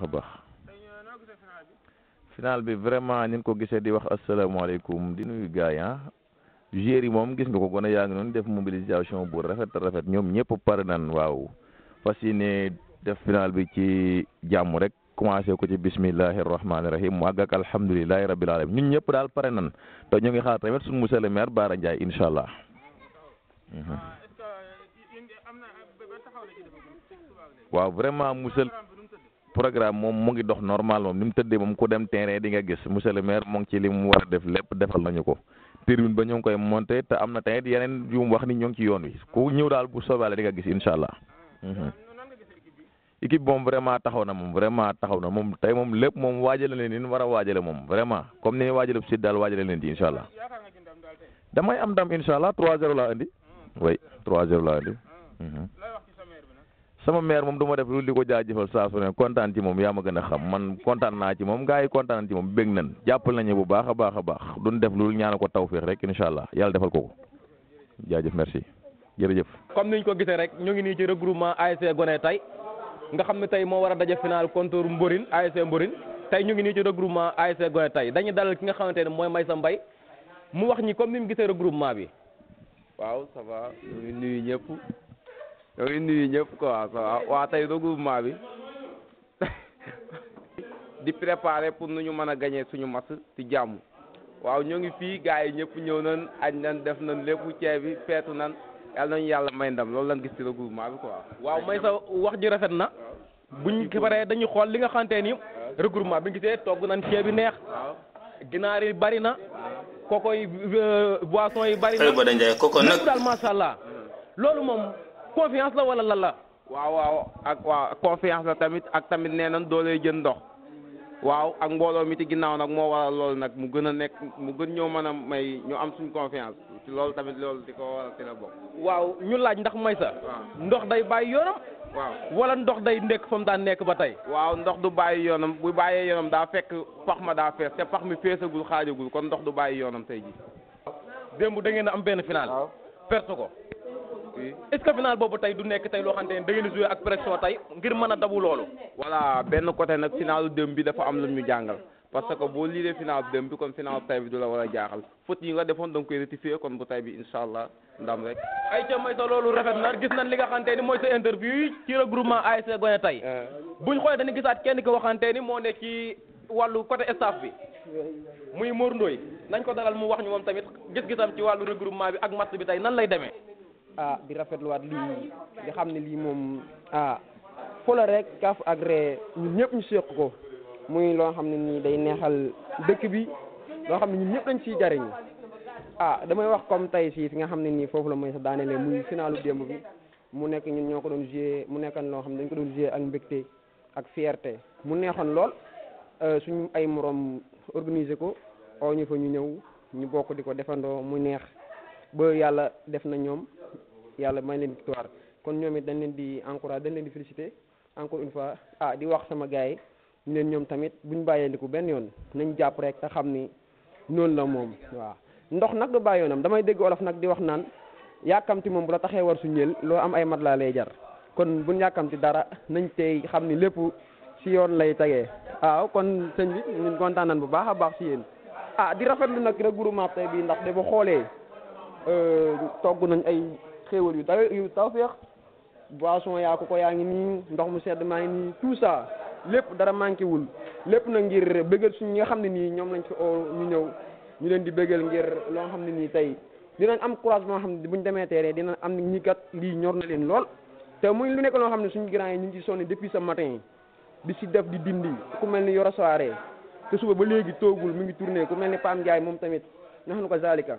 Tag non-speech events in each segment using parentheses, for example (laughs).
baax a final bi vraiment ni ko gisse di wax assalamu alaykum di nuyu gaay ha jeri mom gis nga ko gona yaa ngi noonu def mobilisation bu rafet rafet ñom ñepp par nan waaw fas yéene def final bi ci jamm rek commencé ko ci bismillahi rahmaani rahim mu àgg ak alhamdulilahi alamin ñun ñepp dal pare nan te ñu ngi xaar tamit sun monsieur le maire Bara ndjay inshallah waaw vraiment monsieur programme moom mu ngi dox normal moom ni mu tëddee moom ku dem terrain di nga gis monsieur le maire mu ngi ci li mu war a def lépp defal nañu ko tribune ba ñu ngi koy monté te am na tamit yeneen yu mu wax ni ñoo ngi ci yoon wi ku ñëw daal bu soobee di nga gis incha allah. Mhm. équipe moom vraiment taxaw na moom vraiment taxaw na moom tey moom lépp moom waajale leen ni ñu war a waajale moom vraiment comme ni ñuy waajale bu si daal waajale leen di incha allah damay am dam incha allah 3-0 laa indi. oui 3-0 laa indi. Mhm. sama maire moom du ma def lu di ko jaajëfal saa su ne kontaan ci moom yaa ma gën a xam man kontaan naa ci moom gars yi kontaan ci moom bég nañ jàppal nañu bu baax a baax a baax duñ def lu ñaan ko tawféex rek incha allah yàlla defal ko ko jaajëf merci jërëjëf. comme niñ ko gisee rek ñu ngi nii ci regroupement ASC Gone tey nga xam ne tey moo war a daje final contre Mborine ASC Mborine tey ñu ngi nii ci regroupement ASC Gone tey dañuy dal ki nga xamante ne mooy Maysa mbay mu wax ñi comme ni mu gisee regroupement bi. waaw ça va ñu ngi ñoo ngi nuyu ñëpp quoi waa tey regroupement bi (laughs) di préparer pour nu ñu mën a gañee suñu match ci jàmm waaw ñoo ngi fii gars yi ñëpp ñëw nañ añ nañ def nañ lépp ceeb bi feetu nañ yàlla nañu yàlla may ndam loolu lañ gis ci regroupement bi quoi. waaw may sa wax ji rafet na buñ xibaree dañuy xool li nga xamante ni regroupement bi ñu gisee togg nañ ceeb bi neex. ginaar yi bari na. koko yi euh, boisson yi bari na. xëy daal macha hmm. loolu moom. confiance la wala lan la. waaw waaw ak waaw confiance la tamit ak tamit nee nañ doo jën ndox waaw ak mbooloo mi ci ginnaaw nag moo waral loolu nag mu gën a nekk mu gën ñoo mën a may ñu am suñ confiance ci loolu tamit loolu di ko waral ci la bokk. waaw ñu laaj ndax may sa. ndox day bàyyi yoonam. waaw wala ndox day nekk fa mu daan nekk ba tey. waaw ndox du bàyyi yoonam bu bàyyee yoonam daa fekk pax ma daa fees te pax mi feesagul xaajagul kon ndox du bàyyi yoonam tey ji démb da ngeen am benn final. perte ko. est-ce que final boobu tey du nekk tey loo xamante ne da ngeen di ak pression tey ngir mën a dabu loolu. voilà benn côté nag finalu dem bi dafa am la ñu jàngal parce que boo liiree final dem bi kon final tay bi du la war a jaaxal faute yi nga defoon da nga koy rectifier kon bu tay bi incha allah ndam rek. ay ca may sa loolu rafet na gis nañ li nga xamante ni mooy sa interview ci regroupement ASC Gone tey euh. buñ xoolee dañu gisaat kenn ki waxante ni moo nekk ci wàllu côté staff bi muy Mor Ndoye nañ ko dalal mu wax ñu moom tamit gis-gisam ci wàllu regroupement bi ak match bi tey nan lay demee. ah di rafetluwaat lii di xam ne lii moom ah folo rek kaaf ak ree ñun ñëpp ñu seq ko muy loo xam ne nii day neexal dëkk bi loo xam ne ñun ñëpp dañ ciy jariñ ah damay wax comme tey si fi nga xam ne nii foofu la mooy sa daanelee muy finalu démb bi mu nekk ñun ñoo ko doon joué mu nekkan loo xam ne dañ ko doon joué ak mbégte ak fierté mu neexoon lool e, suñu ay moroom organiser ko oo ñu fa ñu ñëw ñu bokk di ko defandoo mu neex ba yàlla def na ñoom. yalla may leen victoire kon ñoom it dañ leen di encourage dañ leen di féliciter encore une fois ah di wax sama gay, ñu leen ñoom tamit buñ liku ben yoon nañ japp rek ta xamni non la mom wa ndox nak du bayonam damay dégg olof nak di wax naan yakamti mom bu la taxé war su ñël am ay mat lay jar kon buñ yakamti dara nañ tay xamni sion ci yoon lay tagué waaw kon señ bi ñu kontaan nañ bu baaxa baax ci yeen ah di rafetlu guru ma tay bi ndax de bu euh nañ ay xéewal yu dawe yu tawféex boisson yaa ko ko yaa ngi nii ndox mu sedd maa ngi nii tout ça lépp dara manqué wul lépp na ngir bëggal suñ ñi nga xam ne nii ñoom lañ fi oo ñu ñëw ñu leen di bëggal ngir loo xam ne nii tey dinañ am courage boo xam ne buñ demee teeree dina am ñi kat lii ñor na leen lool te muy lu nekk loo xam ne suñu grand yi ñu ngi ci sonné depuis sa matin di si def di dindi ku mel ni Yoro Soirée te suba ba léegi toogul mu ngi tourné ku mel ni Pam Ndiaye moom tamit nax nu ko zalika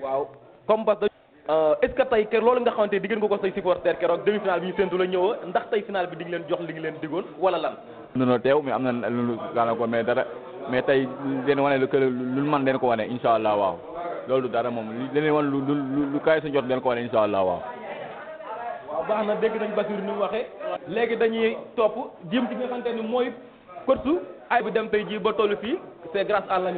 waaw comme bas euh, est-ce que tey kër loolu nga xamante ni diggéen nga ko say supporter keroog demi-finale bi ñu séntu la ñëw ndax tey finale bi di leen jox li ngi leen digoon wala lan nunoo teew mais am na lu daanaka mais dara mais tey leen wane lu kër lu man leen ko wane insha allah waaw loolu dara moom leen wan lu lu kayi sa njot leen ko wane insha allah waaw baax na dégg nañ Basir ni mu waxee léegi dañuy topp jëm ci nga xamante ni mooy kottu ay bi dem tey ji ba tollu fii c'est grâce